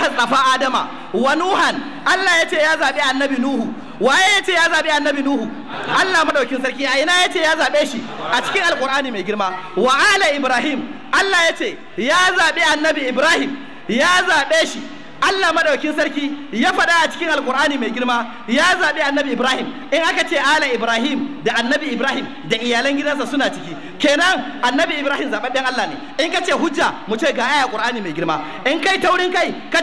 tsafa adama wa nuhan Allah ya ce ya zaɓi annabi nuhu waye ya ce ya zaɓi annabi nuhu Allah madaukin sarki a ina ya ce ya zaɓe shi a cikin alkur'ani mai girma wa ala ibrahim Allah ya ce ya zaɓi annabi ibrahim ya zaɓe shi Allah madaukin sarki ya faɗa a cikin alkur'ani mai girma ya zaɓi annabi Ibrahim in aka ce ala Ibrahim da annabi Ibrahim da iyalan gidansa suna ciki kenan annabi Ibrahim zaɓaɓɓen Allah ne in ka ce hujja mu ce ga aya Qur'ani mai girma in kai taurin kai ka